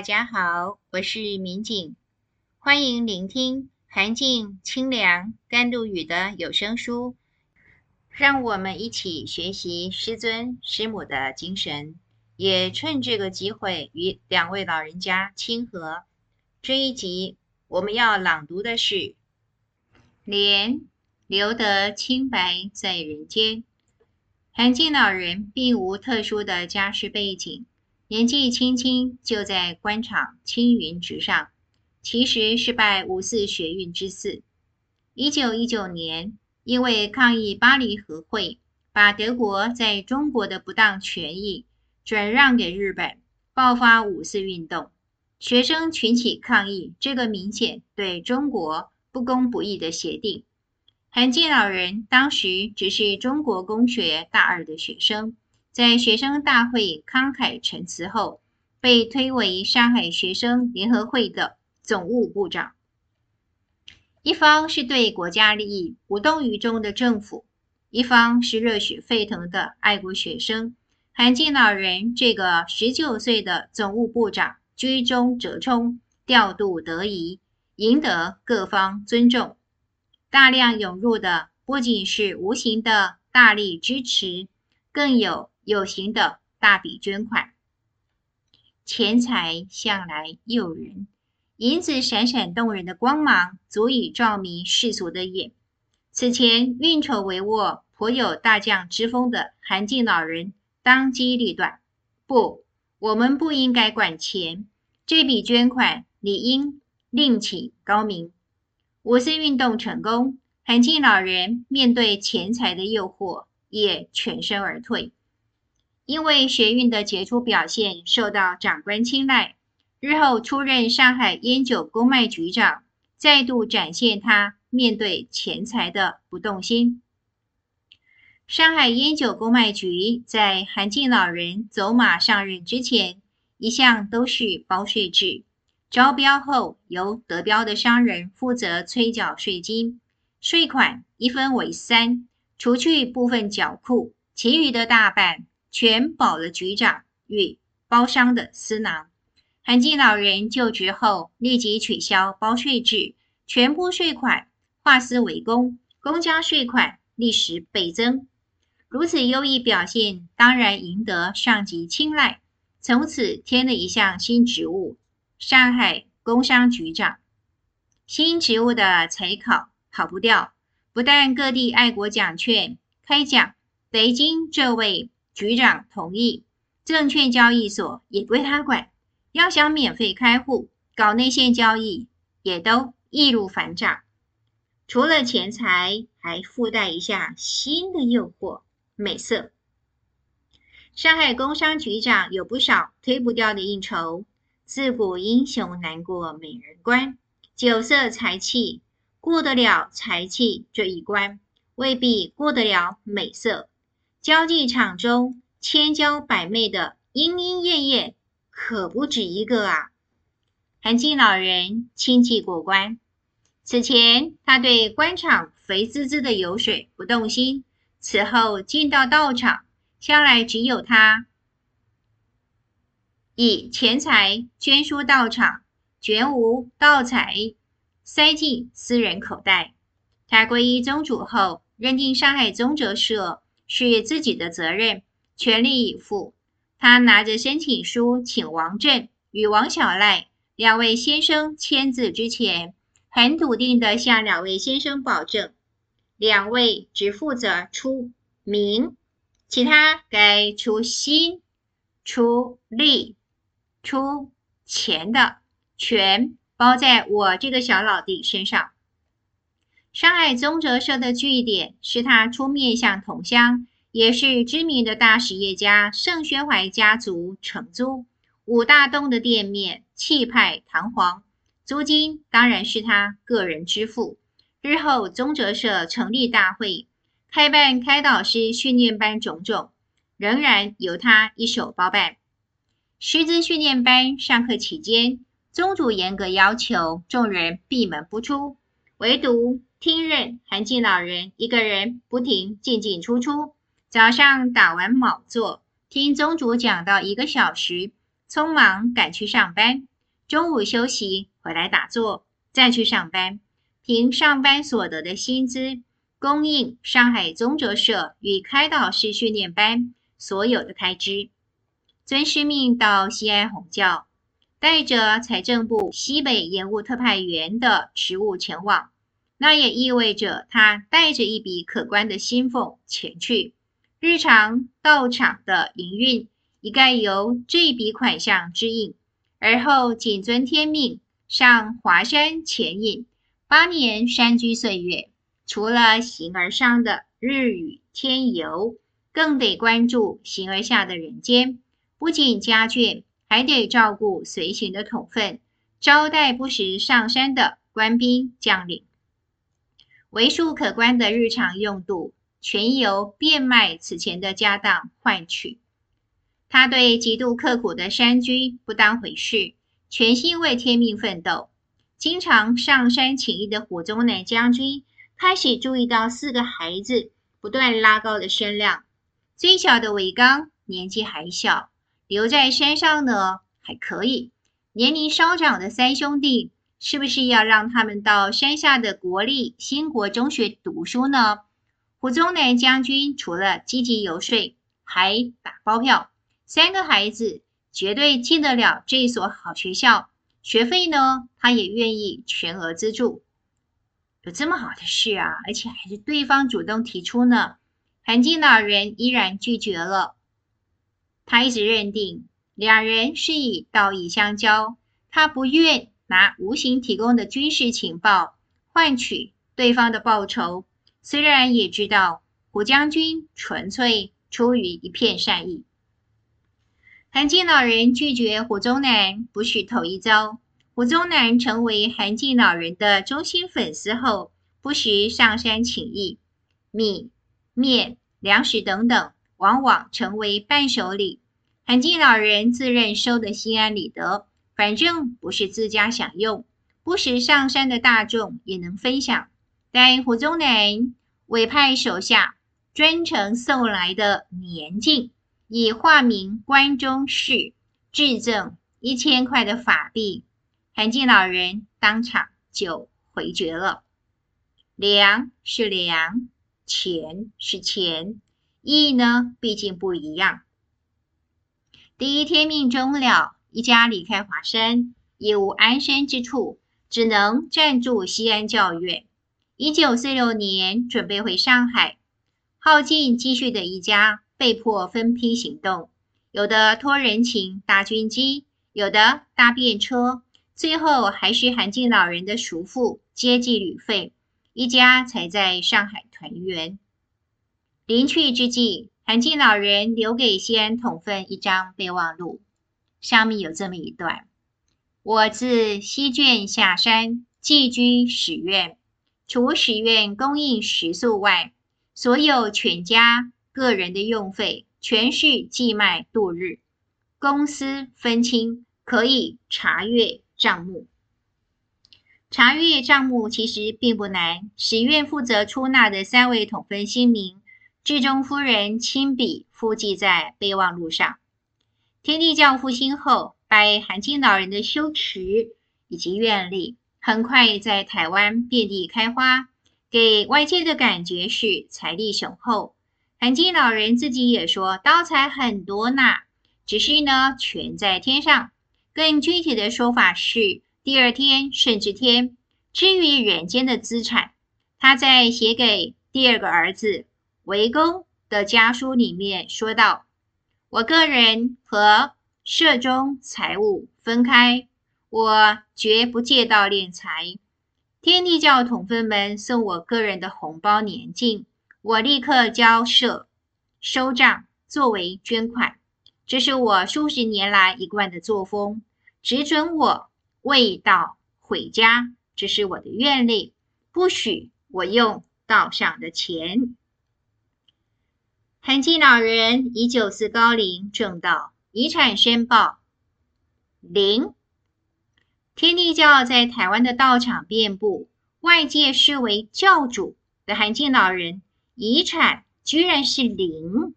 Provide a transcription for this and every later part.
大家好，我是民警，歡迎聆聽韓靜、清涼、甘露雨的有聲書。讓我們一起學習師尊、師母的精神，也趁這個機會與兩位老人家親和。這一集我們要朗讀的是《蓮留得清白在人間》。韓靜老人並無特殊的家世背景。年紀輕輕就在官場青雲直上，其實是拜五四學運之賜。一九一九年，因為抗議巴黎和會把德國在中國的不當權益轉讓給日本，爆發五四運動，學生群起抗議，這個明顯對中國不公不義的協定。涵靜老人當時只是中國公學大二的學生。在學生大會慷慨陳詞後，被推為上海學生聯合會的總務部長。一方是對國家利益無動於衷的政府，一方是熱血沸騰的愛國學生。涵靜老人這個十九歲的總務部長居中折衝，調度得宜，贏得各方尊重。大量湧入的不僅是無形的大力支持，更有，有形的大筆捐款，錢財向來誘人，銀子閃閃動人的光芒足以照明世俗的眼。此前運籌帷幄、頗有大將之風的涵靜老人當機立斷：“不，我們不應該管錢，這筆捐款理應另請高明。”五四運動成功，涵靜老人面對錢財的誘惑也全身而退。因為學運的傑出表現，受到長官青睞，日後出任上海煙酒公賣局長，再度展現他面對錢財的不動心。上海煙酒公賣局在涵靜老人走馬上任之前，一向都是包稅制，招標後由得標的商人負責催繳稅金，稅款一分為三，除去部分繳庫，其餘的大半，全飽了局長與包商的私囊。涵靜老人就職後，立即取消包稅制，全部稅款化私為公，公家稅款，歷時倍增。如此優異表現，當然贏得上級青睞，從此添了一項新職務——上海工商局長。新職務的財考跑不掉，不但各地愛國獎券開獎，北京這位。局長同意，證券交易所也歸他管。要想免費開戶、搞內線交易，也都易如反掌。除了錢財，還附帶一下新的誘惑——美色。上海工商局長有不少推不掉的應酬。自古英雄難過美人關，酒色財氣，過得了財氣這一關，未必過得了美色。交際場中千嬌百媚的鶯鶯燕燕可不止一個啊！涵靜老人輕騎過關。此前他對官場肥滋滋的油水不動心，此後進到道場，向來只有他以錢財捐輸道場，絕無道財塞進私人口袋。他皈依宗主後，認定上海宗哲社。是自己的責任，全力以赴。他拿着申請書，請王震與王小賴兩位先生簽字之前，很篤定地向兩位先生保證：兩位只負責出名，其他該出心、出力、出錢的全包在我這個小老弟身上。上海宗哲社的據點是他出面向同鄉，也是知名的大實業家盛宣懷家族承租五大棟的店面，氣派堂皇，租金當然是他個人支付。日後宗哲社成立大會、開辦開導師訓練班種種，仍然由他一手包辦。師資訓練班上課期間，宗主嚴格要求眾人閉門不出。唯獨聽任涵靜老人一個人不停進進出出。早上打完卯坐，聽宗主講到一個小時，匆忙趕去上班。中午休息回來打坐，再去上班。憑上班所得的薪資，供應上海宗哲社與開導式訓練班所有的開支。尊師命到西安弘教。帶着財政部西北鹽務特派員的職務前往，那也意味着他帶着一筆可觀的薪俸前去。日常道場的營運一概由這筆款項支應。而後謹遵天命，上華山潛隱八年山居歲月，除了形而上的日與天遊，更得關注形而下的人間，不僅家眷，還得照顧，隨行的同奮，招待不時上山的官兵將領，為數可觀的日常用度全由變賣此前的家當換取。他對極度刻苦的山居不當回事，全心為天命奮鬥。經常上山請益的胡宗南將軍開始注意到四個孩子不斷拉高的身量，最小的維剛年紀還小，留在山上呢還可以，年齡稍長的三兄弟是不是要讓他們到山下的國立新國中學讀書呢？胡宗南將軍除了積極游說，還打包票，三個孩子絕對進得了這所好學校，學費呢他也願意全額資助。有這麼好的事啊，而且還是對方主動提出呢。涵靜老人依然拒絕了。他一直認定兩人是以道義相交，他不願拿無形提供的軍事情報換取對方的報酬。雖然也知道胡將軍純粹出於一片善意。涵靜老人拒絕胡宗南不是頭一遭。胡宗南成為涵靜老人的忠心粉絲後，不時上山請益，米、麵、糧食等等。往往成為伴手禮，涵靜老人自認收得心安理得，反正不是自家享用，不時上山的大眾也能分享。但胡宗南委派手下專程送來的年敬，以化名關中旭致贈一千塊的法幣，涵靜老人當場就回絕了。糧是糧，錢是錢。意義呢，畢竟不一樣。第一天命終了，一家離開華山，已無安身之處，只能暫住西安教院。一九四六年，準備回上海，耗盡積蓄的一家被迫分批行動，有的託人情搭軍機，有的搭便車，最後還是涵靜老人的叔父接濟旅費，一家才在上海團圓。臨去之際，涵靜老人留給西安同奮一張備忘錄，上面有這麼一段：“我自西卷下山，寄居使院，除使院供應食宿外，所有全家個人的用費，全是寄賣度日，公私分清，可以查閱賬目。查閱賬目其實並不難，使院負責出納的三位同奮姓名。”智忠夫人親筆附記在備忘錄上。天帝教復興後，拜涵靜老人的修持以及願力，很快在台灣遍地開花，給外界的感覺是財力雄厚。涵靜老人自己也說：“道財很多吶，只是呢，全在天上。”更具體的說法是，第二天慎之天。至於人間的資產，他在寫給第二個兒子，維公的家書裡面說道，我個人和社中財務分開，我絕不借道斂財。天帝教同奮們送我個人的紅包年敬，我立刻交社收賬作為捐款。這是我數十年來一貫的作風。只准我為道毀家，這是我的願力，不許我用道上的錢。”涵靜老人以九四高齡，證道，遺產申報零。天地教在台灣的道場遍布，外界視為教主的涵靜老人遺產居然是零，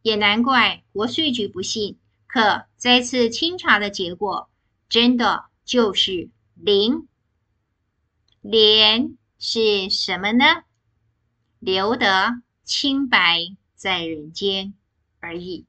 也難怪國稅局不信。可再次清查的結果，真的就是零。零是什麼呢？留得清白在人間而已。